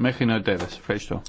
Μέχρι νεοτέρας. Ευχαριστώ.